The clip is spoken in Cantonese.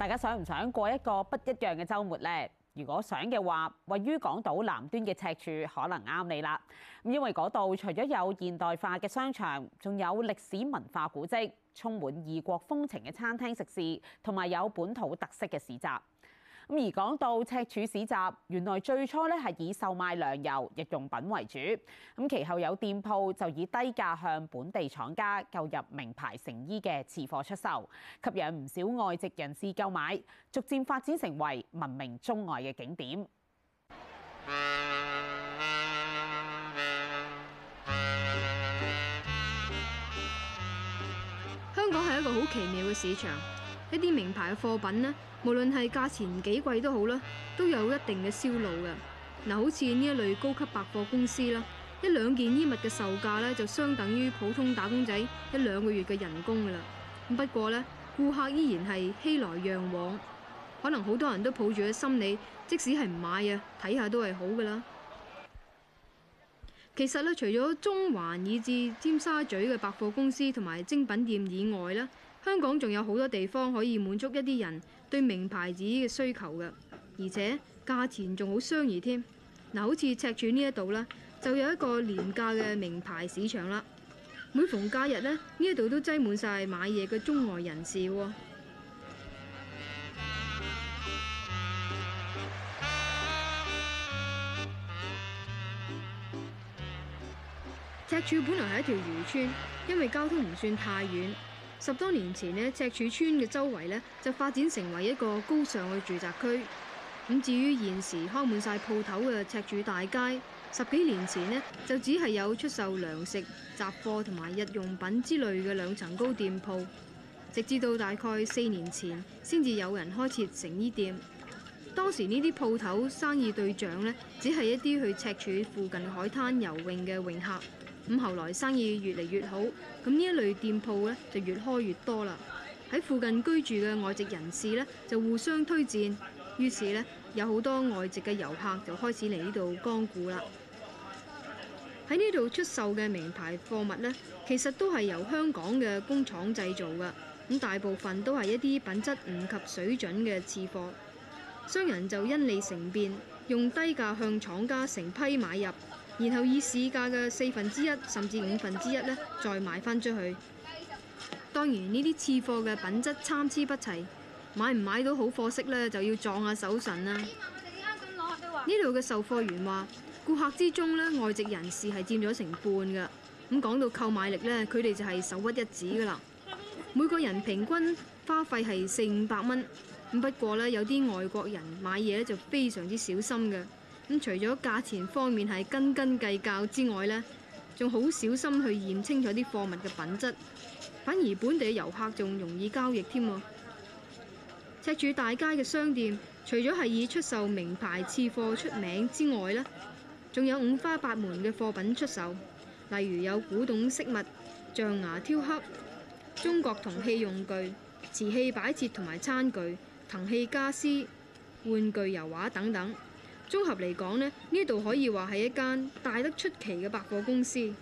大家想唔想過一個不一樣嘅周末呢？如果想嘅話，位於港島南端嘅赤柱可能啱你啦。因為嗰度除咗有現代化嘅商場，仲有歷史文化古蹟，充滿異國風情嘅餐廳食肆，同埋有本土特色嘅市集。咁而講到赤柱市集，原來最初咧係以售賣糧油、日用品為主，咁其後有店鋪就以低價向本地廠家購入名牌成衣嘅次貨出售，吸引唔少外籍人士購買，逐漸發展成為聞名中外嘅景點。香港係一個好奇妙嘅市場。一啲名牌嘅貨品呢，無論係價錢幾貴都好啦，都有一定嘅銷路嘅。嗱，好似呢一類高級百貨公司啦，一兩件衣物嘅售價呢，就相等於普通打工仔一兩個月嘅人工噶啦。不過呢，顧客依然係熙來攘往，可能好多人都抱住咗心理，即使係唔買啊，睇下都係好噶啦。其實咧，除咗中環以至尖沙咀嘅百貨公司同埋精品店以外呢，香港仲有好多地方可以滿足一啲人對名牌子嘅需求嘅，而且價錢仲好相宜添。嗱，好似赤柱這裡呢一度啦，就有一個廉價嘅名牌市場啦。每逢假日呢，呢一度都擠滿晒買嘢嘅中外人士喎。赤柱本來係一條漁村，因為交通唔算太遠。十多年前呢，赤柱村嘅周圍呢，就發展成為一個高尚嘅住宅區。咁至於現時開滿晒鋪頭嘅赤柱大街，十幾年前呢，就只係有出售糧食、雜貨同埋日用品之類嘅兩層高店鋪。直至到大概四年前，先至有人開設成衣店。當時呢啲鋪頭生意對象呢，只係一啲去赤柱附近海灘游泳嘅泳客。咁後來生意越嚟越好，咁呢一類店鋪咧就越開越多啦。喺附近居住嘅外籍人士咧就互相推薦，於是咧有好多外籍嘅遊客就開始嚟呢度光顧啦。喺呢度出售嘅名牌貨物咧，其實都係由香港嘅工廠製造嘅，咁大部分都係一啲品質唔及水準嘅次貨。商人就因利乘便，用低價向廠家成批買入。然後以市價嘅四分之一甚至五分之一呢，再賣翻出去。當然呢啲次貨嘅品質參差不齊，買唔買到好貨色呢，就要撞下手神啦。呢度嘅售貨員話：顧客之中呢，外籍人士係佔咗成半噶。咁講到購買力呢，佢哋就係首屈一指噶啦。每個人平均花費係四五百蚊。咁不過呢，有啲外國人買嘢咧就非常之小心嘅。咁除咗價錢方面係斤斤計較之外呢，仲好小心去驗清楚啲貨物嘅品質，反而本地遊客仲容易交易添喎。赤柱大街嘅商店，除咗係以出售名牌次貨出名之外呢，仲有五花八門嘅貨品出售，例如有古董飾物、象牙雕刻、中國銅器用具、瓷器擺設同埋餐具、藤器傢俬、玩具、油畫等等。綜合嚟講呢，呢度可以話係一間大得出奇嘅百貨公司。